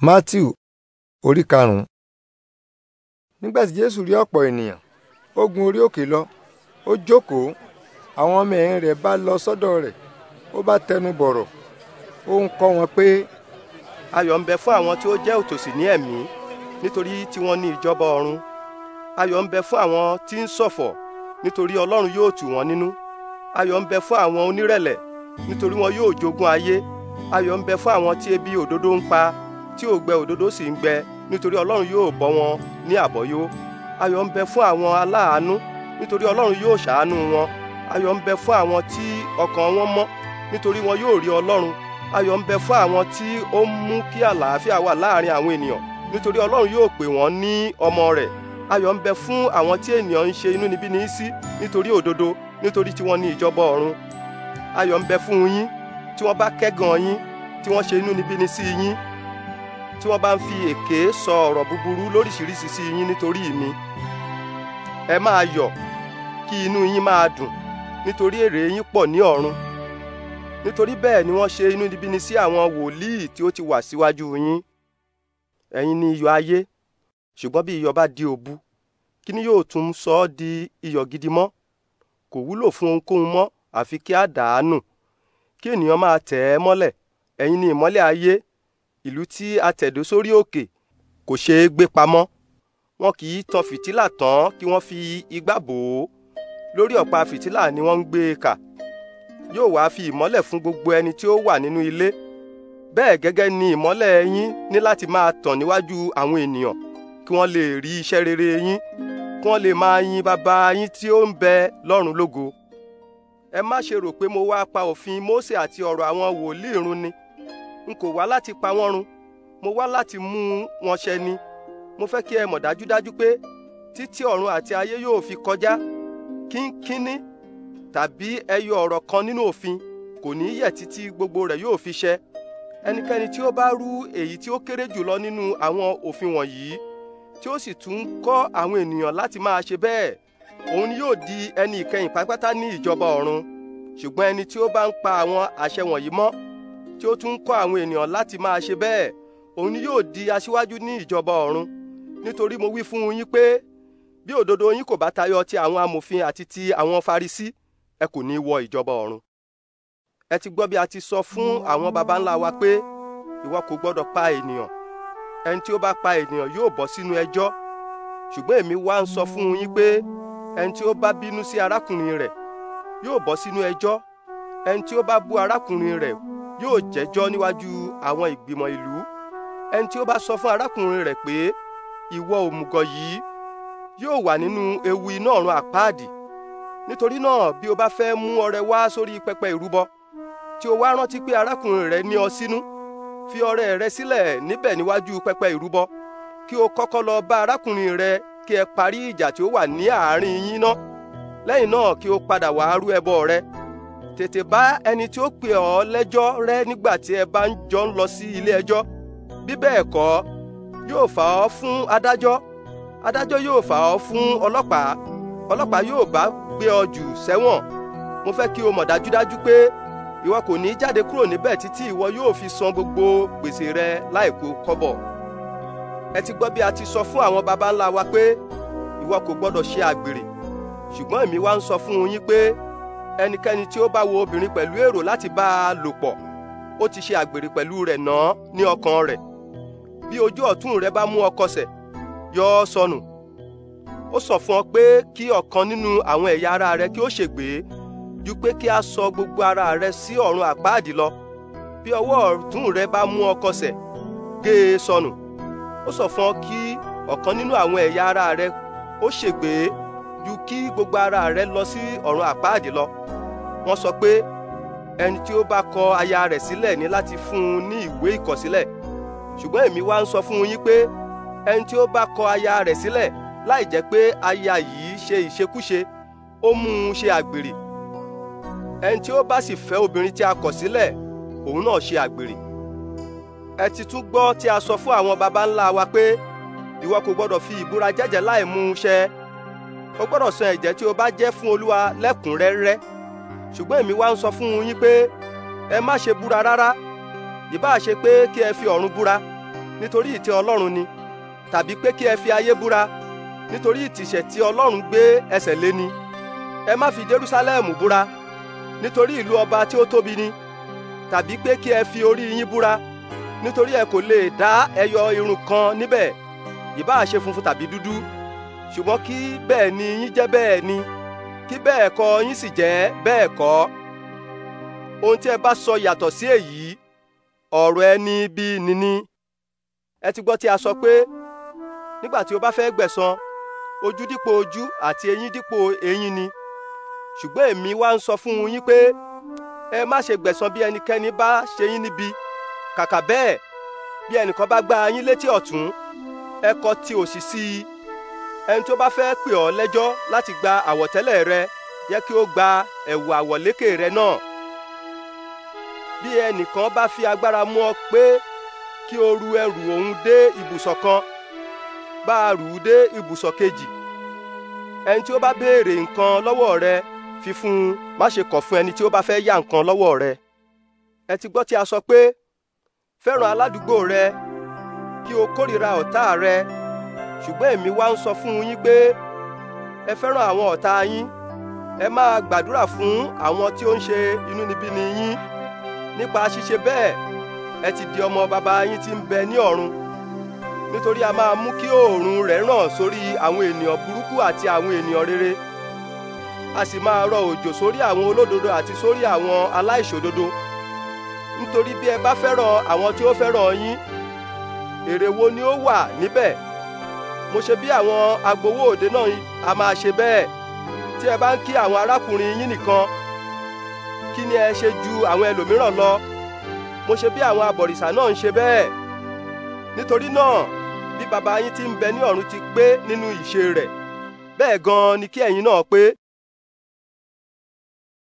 Matthew orí karùn-ún. Nígbà tí Jésù rí ọ̀pọ̀ ènìyàn, ó gun orí òkè lọ, ó jókòó, àwọn ọmọ ẹ̀yìn rẹ̀ bá lọ sọ́dọ̀ rẹ̀, ó bá tẹnu bọ̀rọ̀, ó ń kọ́ wọn pé. Ayọ̀ ń bẹ fún àwọn tí ó jẹ́ òtòṣì ní ẹ̀mí, nítorí tí wọ́n ní ìjọba ọ̀run. Ayọ̀ ń bẹ fún àwọn tí ń ṣọ̀fọ̀, nítorí Ọlọ́run yóò tù wọ́n nínú. Ayọ̀ ń bẹ fún àwọn onírẹ̀lẹ̀, nítorí wọn yóò jogún ayé. Ayọ̀ ń bẹ fún àwọn tí ebi òdodo ń pa tí òǹgbẹ òdodo sì ń gbẹ nítorí ọlọ́run yóò bọ́ wọn ní àbọ́yó ayọ̀ ń bẹ fún àwọn aláàánú nítorí ọlọ́run yóò ṣàánú wọn ayọ̀ ń bẹ fún àwọn tí ọkàn wọn mọ́ nítorí wọn yóò rí ọlọ́run ayọ̀ ń bẹ fún àwọn tí ó ń mú kí àlàáfíà wà láàrin àwọn ènìyàn nítorí ọlọ́run yóò pè wọ́n ní ọmọ rẹ̀ ayọ̀ ń bẹ fún àwọn tí ènìyàn ń ṣe inúnibíni sí nítorí òdodo nítorí tí wọ́n ní ìjọba ọ̀run ayọ̀ ń bẹ fún yín tí wọ́n bá kẹ́gàn yín tí wọ́n ṣe inúnibíni sí yín tí wọ́n bá ń fi èké sọ ọ̀rọ̀ búburú lóríṣiríṣi sí yín nítorí mi ẹ máa yọ̀ kí inú yín máa dùn nítorí èrè yín pọ̀ ní ọ̀run nítorí bẹ́ẹ̀ ni wọ́n ṣe inúnibíni sí àwọn wòlíì tí ó ti wà síwájú yín ẹ̀yin ni iyọ̀ ayé ṣùgbọ́n bí iyọ̀ bá di òbu kí ni yóò tún sọ ọ́ di iyọ̀ gidi mọ́ kò wúlò fún ohunkóhun mọ́ àfi kí á nù kí ènìyàn máa tẹ̀ ẹ́ mọ́lẹ̀ ẹ̀yin ni ìmọ́lẹ̀ ayé ìlú tí a tẹ̀dó sórí òkè kò ṣeé gbé pamọ́ wọn kì í tan fìtílà tán kí wọ́n fi igbá bò ó lórí ọ̀pá fìtílà ni wọ́n ń gbé e kà yóò wá fi ìmọ́lẹ̀ fún gbogbo ẹni tí ó wà nínú ilé bẹ́ẹ̀ gẹ́gẹ́ ni ìmọ́lẹ̀ yín ní láti máa tàn níwájú àwọn ènìyàn kí wọ́n lè rí iṣẹ́ rere yín kí wọ́n lè máa yin bàbá yín tí ó ń bẹ lọ́run lógo ẹ má ṣe rò pé mo wá pa òfin Mósè àti ọ̀rọ̀ àwọn wòlíì run ni n kò wá láti pa wọ́n run mo wá láti mú wọn ṣẹ ni mo fẹ́ kí ẹ mọ̀ dájúdájú pé títí ọ̀run àti ayé yóò fi kọjá kínkínní tàbí ẹyọ ọ̀rọ̀ kan nínú òfin kò ní yẹ̀ títí gbogbo rẹ̀ yóò fi ṣẹ ẹnikẹ́ni tí ó bá rú èyí tí ó kéré jùlọ nínú àwọn òfin wọ̀nyí tí ó sì tún kọ́ àwọn ènìyàn láti máa ṣe bẹ́ẹ̀ òun ni yóò di ẹni ìkẹyìn pátápátá ní ìjọba ọ̀run ṣùgbọ́n ẹni tí ó bá ń pa àwọn àṣẹ wọ̀nyí mọ́ tí ó tún ń kọ́ àwọn ènìyàn láti máa ṣe bẹ́ẹ̀ òun ni yóò di aṣíwájú ní ìjọba ọ̀run nítorí mo wí fún yín pé bí òdodo yín kò bá tayọ ti àwọn amòfin àti ti àwọn farisí ẹ kò ní wọ ìjọba ọ̀run ẹ ti gbọ́ bí a ti sọ fún àwọn baba ńlá wa pé ìwọ kò gbọ́dọ̀ pa ènìyàn ẹni tí ó bá pa ènìyàn yóò bọ́ sínú ẹjọ́ ṣùgbọ́n èmi wá ń sọ fún yín pé ẹni tí ó bá bínú sí arákùnrin rẹ̀ yóò bọ́ sínú ẹjọ́ ẹni tí ó bá bú arákùnrin rẹ̀ yóò jẹ́jọ́ níwájú àwọn ìgbìmọ̀ ìlú ẹni tí ó bá sọ fún arákùnrin rẹ̀ pé ìwọ òmùgọ̀ yìí yóò wà nínú ewu iná ọ̀run àpáàdì nítorí náà bí o bá fẹ́ mú ọrẹ wá sórí pẹpẹ ìrúbọ tí o wá rántí pé arákùnrin rẹ ní ọ sínú fi ọrẹ rẹ sílẹ̀ níbẹ̀ níwájú pẹpẹ ìrúbọ kí o kọ́kọ́ lọ bá arákùnrin rẹ kí ẹ parí ìjà tí ó wà ní àárín yín ná lẹ́yìn náà kí o padà wá rú ẹbọ rẹ tètè bá ẹni tí ó pè ọ́ lẹ́jọ́ rẹ́ nígbà tí ẹ bá ń jọ ń lọ sí ilé ẹjọ́ bí bẹ́ẹ̀ kọ́ yóò fà ọ́ fún adájọ́ adájọ́ yóò fà ọ́ fún ọlọ́pàá ọlọ́pàá yóò bá gbé ọ jù sẹ́wọ̀n mo fẹ́ kí o mọ̀ dájúdájú pé ìwọ kò ní jáde kúrò níbẹ̀ títí ìwọ yóò fi san gbogbo gbèsè rẹ láìkó kọ́bọ̀ ẹ ti gbọ́ bí a ti sọ fún àwọn baba ńlá wa pé ìwọ kò gbọ́dọ̀ ṣe àgbèrè ṣùgbọ́n èmi wá ń sọ fún yín pé ẹnikẹ́ni tí ó bá wo obìnrin pẹ̀lú èrò láti bá a lò pọ̀ ó ti ṣe àgbèrè pẹ̀lú rẹ̀ náà ní ọkàn rẹ̀ bí ojú ọ̀tún rẹ bá mú ọ kọsẹ̀ yọ ọ sọnù ó sọ fún ọ pé kí ọ̀kan nínú àwọn ẹ̀yà ara rẹ kí ó ṣègbé ju pé kí a sọ gbogbo ara rẹ sí ọ̀run àpáàdì lọ bí ọwọ́ ọ̀tún rẹ bá mú ọ kọsẹ̀ gé e sọnù ó sọ fún ọ kí ọ̀kan nínú àwọn ẹ̀yà ara rẹ ó ṣègbé ju kí gbogbo ara rẹ lọ sí ọ̀run àpáàdé lọ wọ́n sọ pé ẹni tí ó bá kọ aya rẹ̀ sílẹ̀ ní láti fún un ní ìwé ìkọ̀sílẹ̀ ṣùgbọ́n èmi wá ń sọ fún yín pé ẹni tí ó bá kọ aya rẹ̀ sílẹ̀ láì jẹ́ pé aya yìí ṣe ìṣekúṣe ó mú un ṣe àgbèrè ẹni tí ó bá sì fẹ́ obìnrin tí a kọ̀ sílẹ̀ òun náà ṣe àgbèrè ẹ ti tún gbọ́ tí a sọ fún àwọn baba ńlá wa pé ìwọ kò gbọ́dọ̀ fi ìbúra jẹ́jẹ́ láì mú un ṣẹ o gbọ́dọ̀ san ẹ̀jẹ̀ tí o bá jẹ́ fún olúwa lẹ́kùnrẹ́rẹ́ ṣùgbọ́n èmi wá ń sọ fún yín pé ẹ má ṣe búra rárá ìbá ṣe pé kí ẹ fi ọ̀run búra nítorí ìtẹ́ ọlọ́run ni tàbí pé kí ẹ fi ayé búra nítorí ìtìsẹ̀ tí ọlọ́run gbé ẹsẹ̀ lé ni ẹ má fi Jerúsálẹ́mù búra nítorí ìlú ọba tí ó tóbi ni tàbí pé kí ẹ fi orí yín búra nítorí ẹ kò lè dá ẹyọ irun kan níbẹ̀ ìbá ṣe funfun tàbí dúdú ṣùgbọ́n kí bẹ́ẹ̀ ni yín jẹ́ bẹ́ẹ̀ ni kí bẹ́ẹ̀ kọ́ yín sì jẹ́ bẹ́ẹ̀ kọ́ ohun tí ẹ bá sọ yàtọ̀ sí èyí ọ̀rọ̀ ẹni bíi níní ẹ ti gbọ́ tí a sọ pé nígbà tí o bá fẹ́ gbẹ̀san ojú dípò ojú àti eyín dípò eyín ni ṣùgbọ́n èmi wá ń sọ fún yín pé ẹ má ṣe gbẹ̀san bí ẹnikẹ́ni bá ṣe yín níbi kàkà bẹ́ẹ̀ bí ẹnìkan bá gbá yín létí ọ̀tún ẹ kọ ti òsì sí i ẹni tó bá fẹ́ pè ọ́ lẹ́jọ́ láti gba àwọ̀tẹ́lẹ̀ rẹ yẹ kí ó gba ẹ̀wù àwọ̀lékè rẹ náà bí ẹnìkan bá fi agbára mú ọ pé kí o ru ẹrù òun dé ibùsọ̀ kan bá a rù ú dé ibùsọ̀ kejì ẹni tí ó bá béèrè nǹkan lọ́wọ́ rẹ fi fún un má ṣe kọ̀ fún ẹni tí ó bá fẹ́ yá nǹkan lọ́wọ́ rẹ ẹ ti gbọ́ tí a sọ pé fẹ́ràn aládùúgbò rẹ kí o kórìíra ọ̀tá rẹ ṣùgbọ́n èmi wá ń sọ fún yín pé ẹ fẹ́ràn àwọn ọ̀tá yín ẹ máa gbàdúrà fún àwọn tí ó ń ṣe inúnibíni yín nípa ṣíṣe bẹ́ẹ̀ ẹ ti di ọmọ bàbá yín tí ń bẹ ní ọ̀run nítorí a máa mú kí oòrùn rẹ̀ ràn sórí àwọn ènìyàn burúkú àti àwọn ènìyàn rere a sì máa rọ òjò sórí àwọn olódodo àti sórí àwọn aláìṣòdodo nítorí bí ẹ bá fẹ́ràn àwọn tí ó fẹ́ràn yín èrè wo ni ó wà níbẹ̀ mo ṣe bí àwọn agbowó òde náà a máa ṣe bẹ́ẹ̀ tí ẹ bá ń kí àwọn arákùnrin yín nìkan kí ni ẹ ṣe ju àwọn ẹlòmíràn lọ mo ṣe bí àwọn abọ̀rìṣà náà ń ṣe bẹ́ẹ̀ nítorí náà bí baba yín ti ń bẹ ní ọ̀run ti pé nínú ìṣe rẹ̀ bẹ́ẹ̀ gan-an ni kí ẹ̀yin náà pé